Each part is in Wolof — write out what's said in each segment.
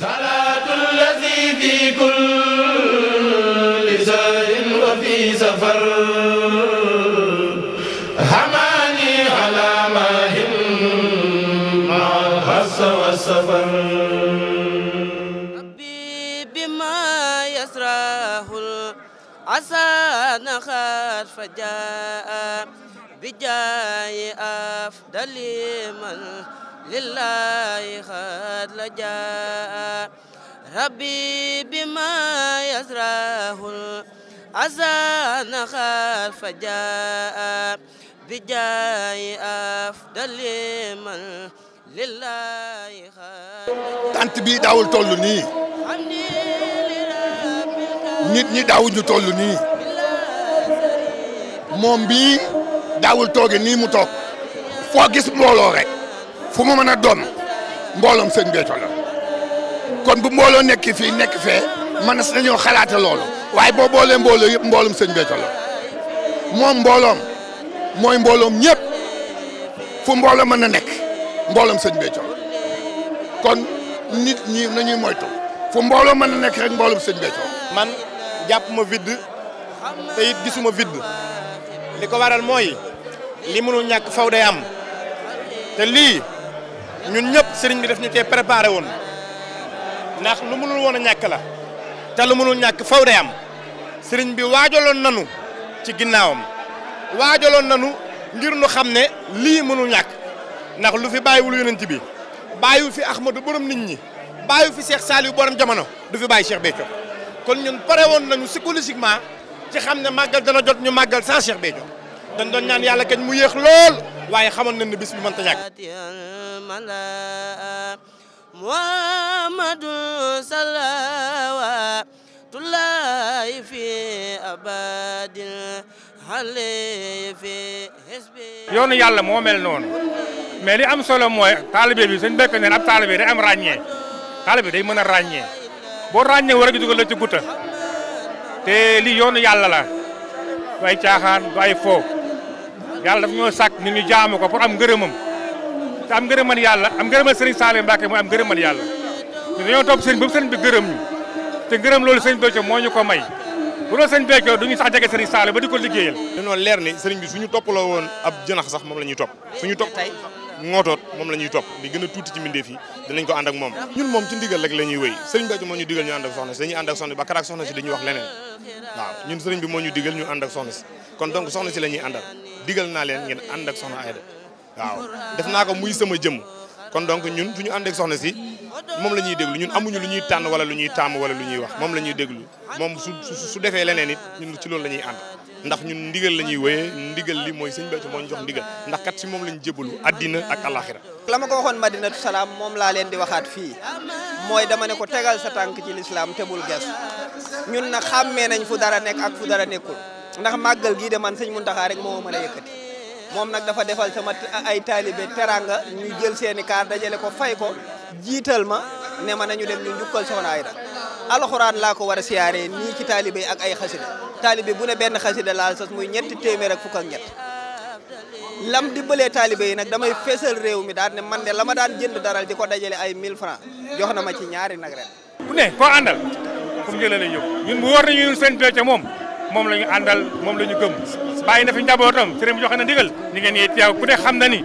صلاة الذي في كل سهر وفي سفر حماني على ماهن مع الحس والسفر ربي بما يسراه العسى نخات فجاء بجاي أفضل من لله قد لجاء ربي بما يزراه الأذان قد فجاء بجاي أفضل من لله قد tant bi daawul toll nii nit ñi daawuñu toll nii moom bi daawul tooge nii mu toog foo gis mbooloo fu mu mën a doon mbooloom sëñ Béthio la kon bu mbooloo nekk fii nekk fee mën si nañoo xalaate lool waaye boo boolee mbooloo yëpp mbooloom sëñ Béthio moo mbooloom mooy mbooloom ñëpp fu mbooloo mën na nekk mbooloom sëñ Béthio kon nit ñi nañuy moytu fu mbooloom mën na nekk rek mbooloom sëñ Béthio man jàpp ma vidd te it gisuma vidd li ko waral mooy li mënul ñàkk faw day am te ñun ñëpp sëriñ bi def ñu cee prépare woon ndax lu mënul woon a ñàkk la te lu mënul ñàkk faw day am sëriñ bi waajaloon nanu ci ginnaawam loon nanu ngir nu xam ne lii mënul ñàkk ndax lu fi wul bàyyiwul yonent bi bàyyiwu fi Ahmadou borom nit ñi bàyyiwu fi Cheikh Saliou borom jamono du fi bàyyi seex Béthio kon ñun pare woon nañu psychologiquement ci xam ne màggal dana jot ñu màggal sans Cheikh Béthio dañ doon ñaan yàlla kañ mu yéex lool waaye xamoon nañ ne bis bi mënta ñàkk الملا محمد صلوات الله في أبد عليه في حسبي yoonu yàlla moo mel noonu mais li am solo mooy taalibe bi suñ bekk neen ab taalibe day am ràññee taalibe day mën a ràññee boo ràññee wa a dugal la ci gutta te li yoonu yàlla la du ay caaxaan du ay foo yàlla daf ñoo sàkk ni ñu jaamu ko pour am ngërëmam te am ngërëmal yàlla am ngërëmal sëriñ Saaliw Mbàkke mooy am ngërëmal yàlla ñu dañoo topp sëriñ ba sëriñ bi gërëm ñu te ngërëm loolu sëriñ Béthio moo ñu ko may bu doon sëriñ Béthio duñu sax jege sëriñ Saaliw ba di ko liggéeyal dañoo leer ni sëriñ bi suñu topp la woon ab jënax sax moom la ñuy topp suñu topp ngootoot moom la ñuy topp li gën a tuuti ci mbindeef yi dinañ ko ànd moom ñun moom ci ndigal rek la ñuy wéy sëriñ Béthio moo ñu digal ñu ànd ak soxna si dañuy ànd ak soxna si ba wax leneen waaw ñun sëriñ bi moo ñu digal ñu ànd ak soxna si kon donc soxna si la ñuy àndal digal naa leen ngeen ànd ak soxna Aida waaw euh, def naa ko muy sama jëm euh, kon donc ñun su ñu ànd soxna si moom la ñuy déglu ñun amuñu lu ñuy tànn wala lu ñuy tàmm wala lu ñuy wax moom la ñuy déglu moom su su defee leneen it ñun ci loolu la ñuy ànd ndax ñun ndigal la ñuy wéyee ndigal li mooy sëñ Béthio moo ñu jox ndigal ndax kat si moom lañu ñu addina ak alaxira la ma ko waxoon madinatu salaam moom laa leen di waxaat fii mooy dama ne ko tegal sa tànk ci lislaam te bul ges ñun nag xàmmee nañ fu dara nekk ak fu dara nekkul ndax màggal gii de man sëñ Muntaxa rek moo mën a moom nag dafa defal sama ay taalibe teranga ñu jël seeni kaa dajale ko fay ko jiital ma ne ma nañu dem ñu njukkal soxna Ayda alxuraan laa ko war a siyaaree nii ci taalibe ak ay xasida taalibe bu ne benn xasida laal sas muy ñetti téeméer ak fukk ak ñett lam dimbalee taalibe yi nag damay feesal réew mi daal ne man de la ma daan jënd daral di ko dajale ay mille francs jox na ma ci ñaari nag ren. ku ne koo àndal fu mu jëlee ñun bu war nañu seen béykat moom. mom lañu andal, mom lañu gëm bàyyi na fi njabotam sëriñ bi joxe na ndigal ngeen yee tiaw ku ne xam na ni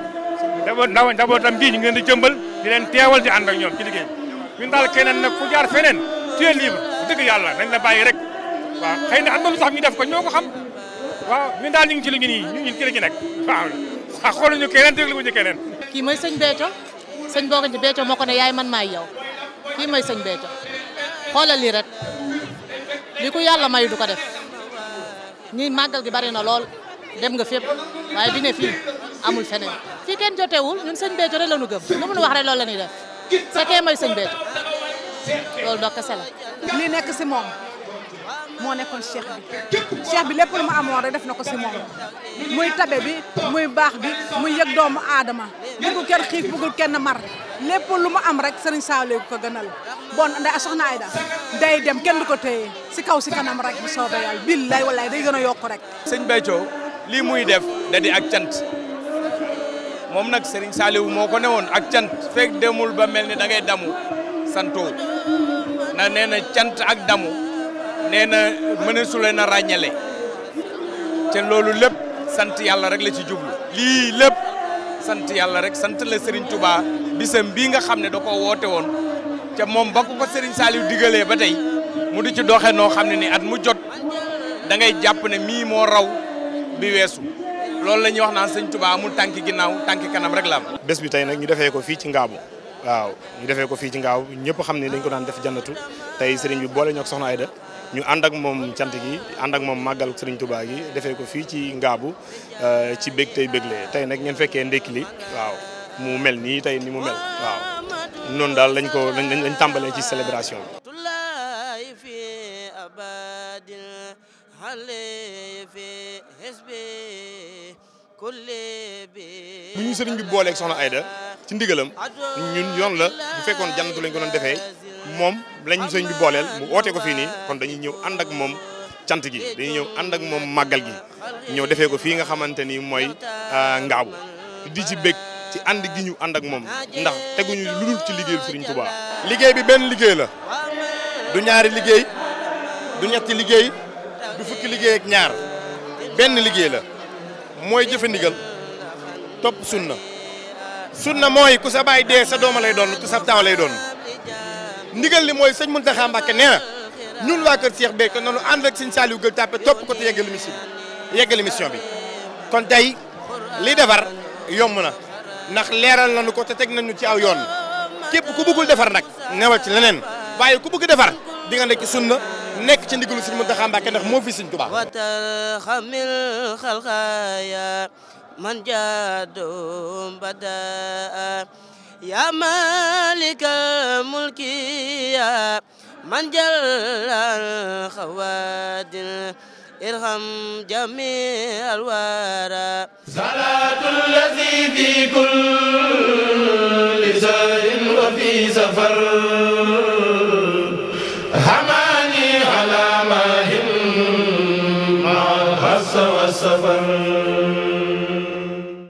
ndaw njabootam bi ñu ngeen di jëmbal di len teewal di and ak ñom ci liggéey ñu dal keneen nak ku jaar feneen tu libre dëgg yalla nañ la bayyi rek wa xëy na am na sax ñu def ko ñoko xam wa ñu dal ñu ci liggéey ni nii ñu ngi ci liggéey nak wa waaw xol ñu keneen lu ñu keneen ki mooy sëñ beto sëñ boo ci beto moko ne yaay man maay yow ki mooy sëñ beto xoolal rek liku yalla may du ko def ñi màggal gi bari na lool dem nga fepp waaye bi ne fii amul feneen fii kenn jotewul ñun sëñ Béthio rek la ñu gëm lu mu nu wax rek loolu la ñuy def c'est que mooy sëñ Béthio loolu donc kese li nekk si moom moo nekkoon cheikh bi cheikh bi lépp lu mu amoon rek def na ko si moom muy tabe bi muy baax bi muy yëg doomu aadama bëggul kenn xiif bëggul kenn mar lépp lu mu am rek sëriñ Saliou ko gënal. bon nda soxna Aida day dem kenn du ko téye si kaw si kanam rek bu soobee yàlla billaay wallaay day gën a yokk rek. sëñ Béthio lii muy def da ak cant moom nag Serigne Saliou moo ko newoon ak cant fek demul ba mel ni da ngay damu santoo na nee na cant ak damu nee na mëneesu leen a ràññale te loolu lépp sant yàlla rek la ci jublu lii lépp sant yàlla rek sant la Serigne Touba bisam bii nga xam ne da ko woote woon. ca moom ba ko sëriñ Serigne Saliou digalee ba tey mu di ci doxee noo xam ne ni at mu jot da ngay jàpp ne mii moo raw bi weesu loolu lañuy wax naan sëñ Touba amul tànki ginnaaw tànki kanam rek la bés bi tey nag ñu defee ko fii ci Ngaabu waaw ñu defee ko fii ci Ngaabu ñëpp xam ne dañ ko daan def jannatu tey sëriñ bi boole ñoog soxna ay da ñu ànd ak moom cant gi ànd ak moom màggal sëriñ Touba gi defee ko fii ci Ngaabu euh, ci bég tey béglee tey nag ngeen fekkee ndékki li waaw mu mel nii tey ni mu mel waaw. noonu daal lañ ko lañ lañ tàmbalee ci célébration bi. bu ñu sëriñ bi booleeg soxna Aida ci ndigalam ñun yoon la bu fekkoon jànnatu lañ ko doon defee moom lañ ñu sëriñ bi booleel mu oote ko fii nii kon dañuy ñëw ànd ak moom cant gi dañuy ñëw ànd ak moom màggal gi ñëw defee ko fii nga xamante ni mooy ah, ngaabu di ci bëgg. ci ànd gi ñu ànd ak mom ndax teguñu ñu dul ci liggéeyal Serigne Touba. liggéey bi ben liggéey la du ñaari liggéey du ñetti liggéey du fukki liggéey ak ñaar ben liggéey la moy jëfe ndigal topp sunna sunna moy ku sa baay dee sa dooma lay doon ku sa taaw lay doon ndigal li moy sëñ Mountakha Mbacké nee ñun wa kër Cheikh Béthio noonu and ak sëñ Saliou Gueye Tapé top ko te yeggali mission bi mission bi kon tay li défar yomna ndax leeral nañu ko te teg nañu ci aw yoon képp ku bëggul defar nag newal ci leneen waaye ku bëgg defar di nga nekk sunna nekk ci ndigalu Sëriñ Muntaxa Mbàkke ndax moo fi Sëriñ wa watar xamil xalxaya man jaadum badaa ya malika mulkiya man jallal xawadil ارحم جميع الورى صلاة الذي في كل سهر وفي سفر حماني على هم مع الحس والسفر